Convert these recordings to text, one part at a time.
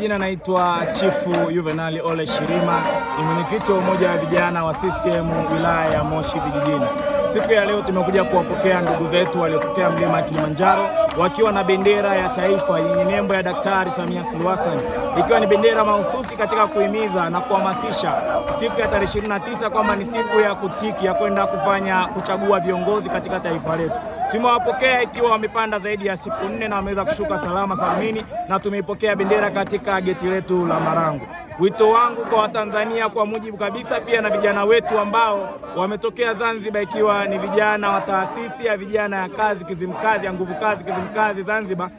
Jina naitwa Chifu Juvenali Ole Shirima, ni mwenyekiti wa umoja wa vijana wa CCM wilaya ya Moshi Vijijini. Siku ya leo tumekuja kuwapokea ndugu zetu waliotokea mlima Kilimanjaro wakiwa na bendera ya taifa yenye nembo ya Daktari Samia Suluhu Hassan, ikiwa ni bendera mahususi katika kuhimiza na kuhamasisha siku ya tarehe 29 kwamba ni siku ya kutiki ya kwenda kufanya kuchagua viongozi katika taifa letu. Tumewapokea ikiwa wamepanda zaidi ya siku nne na wameweza kushuka salama salimini, na tumeipokea bendera katika geti letu la Marangu. Wito wangu kwa Watanzania kwa mujibu kabisa pia na vijana wetu ambao wametokea Zanzibar, ikiwa ni vijana wa taasisi ya vijana ya kazi Kizimkazi ya nguvu kazi Kizimkazi Zanzibar,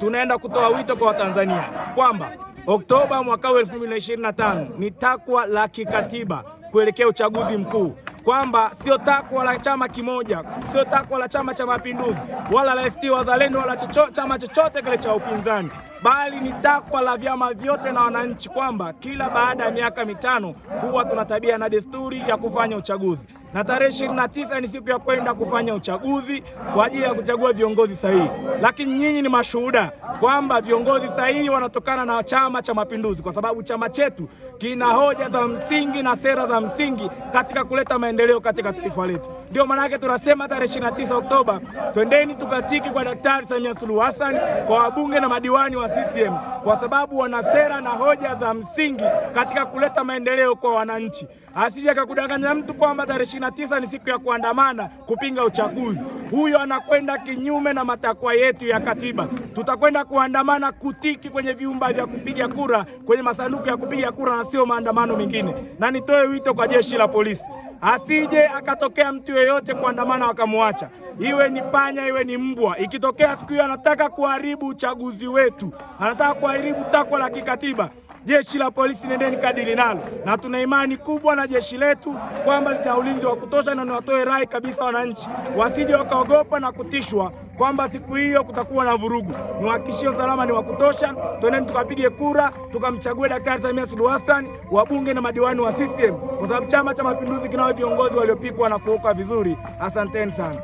tunaenda kutoa wito kwa Watanzania kwamba Oktoba mwaka 2025 ni takwa la kikatiba kuelekea uchaguzi mkuu kwamba sio takwa la chama kimoja, sio takwa la Chama cha Mapinduzi wala la ACT Wazalendo wala chocho, chama chochote kile cha upinzani, bali ni takwa la vyama vyote na wananchi, kwamba kila baada ya miaka mitano huwa tuna tabia na desturi ya kufanya uchaguzi na tarehe 29 ni siku ya kwenda kufanya uchaguzi kwa ajili ya kuchagua viongozi sahihi, lakini nyinyi ni mashuhuda kwamba viongozi sahihi wanatokana na Chama cha Mapinduzi, kwa sababu chama chetu kina hoja za msingi na sera za msingi katika kuleta maendeleo katika taifa letu. Ndio maana yake tunasema tarehe 29 Oktoba, twendeni tukatiki kwa Daktari Samia Suluhu Hassan, kwa wabunge na madiwani wa CCM, kwa sababu wana sera na hoja za msingi katika kuleta maendeleo kwa wananchi. Asije akakudanganya mtu kwamba tarehe na tisa ni siku ya kuandamana kupinga uchaguzi. Huyo anakwenda kinyume na matakwa yetu ya katiba. Tutakwenda kuandamana kutiki kwenye vyumba vya kupiga kura, kwenye masanduku ya kupiga kura na sio maandamano mengine. Na nitoe wito kwa jeshi la polisi asije akatokea mtu yeyote kuandamana wakamwacha, iwe ni panya, iwe ni mbwa. Ikitokea siku hiyo anataka kuharibu uchaguzi wetu, anataka kuharibu takwa la kikatiba jeshi la polisi, nendeni kadili nalo, na tuna imani kubwa na jeshi letu kwamba lina ulinzi wa kutosha, na niwatoe rai kabisa wananchi wasije wakaogopa na kutishwa kwamba siku hiyo kutakuwa na vurugu. Niwahakikishie usalama ni wa kutosha. Twendeni tukapige kura, tukamchague Daktari Samia Suluhu Hassan, wabunge na madiwani wa CCM, kwa sababu Chama cha Mapinduzi kinao viongozi waliopikwa na kuoka vizuri. Asanteni sana.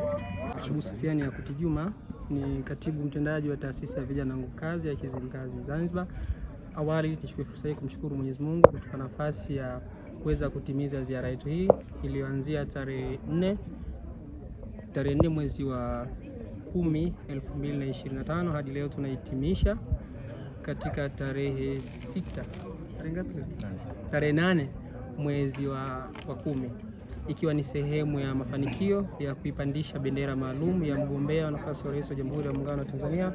Shugu Sufiani Yakutijuma ni katibu mtendaji wa taasisi ya vijana nguvu kazi ya Kizimkazi Zanzibar. Awali nichukue fursa hii kumshukuru Mwenyezi Mungu kutupa nafasi ya kuweza kutimiza ziara yetu hii iliyoanzia tarehe nne tarehe nne mwezi wa kumi elfu mbili na ishirini na tano hadi leo tunahitimisha katika tarehe sita tarehe Tarehe nane mwezi wa, wa kumi ikiwa ni sehemu ya mafanikio ya kuipandisha bendera maalum ya mgombea wa nafasi wa rais wa Jamhuri ya Muungano wa Tanzania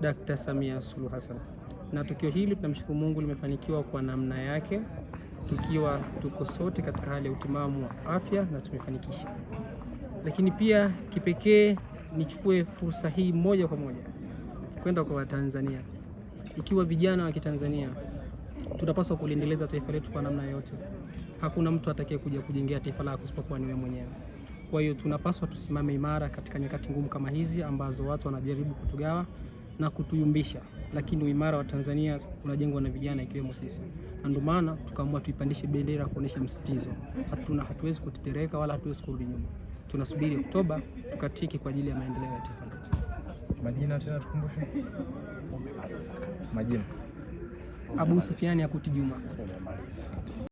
Dr. Samia Suluhu Hassan na tukio hili tunamshukuru Mungu limefanikiwa kwa namna yake, tukiwa tuko sote katika hali ya utimamu wa afya na tumefanikisha. Lakini pia kipekee nichukue fursa hii moja kwa moja kwenda kwa Watanzania, ikiwa vijana wa Kitanzania tunapaswa kuliendeleza taifa letu kwa namna yote. Hakuna mtu atakaye kuja kujengea taifa lako isipokuwa ni wewe mwenyewe. Kwa hiyo tunapaswa tusimame imara katika nyakati ngumu kama hizi ambazo watu wanajaribu kutugawa na kutuyumbisha lakini uimara wa Tanzania unajengwa na vijana ikiwemo sisi, na ndio maana tukaamua tuipandishe bendera kuonesha msitizo, hatuna hatuwezi kutetereka wala hatuwezi kurudi nyuma. Tunasubiri Oktoba tukatiki kwa ajili ya maendeleo ya taifa letu. Majina tena tukumbushe majina. Abu Sufiani Akuti Juma.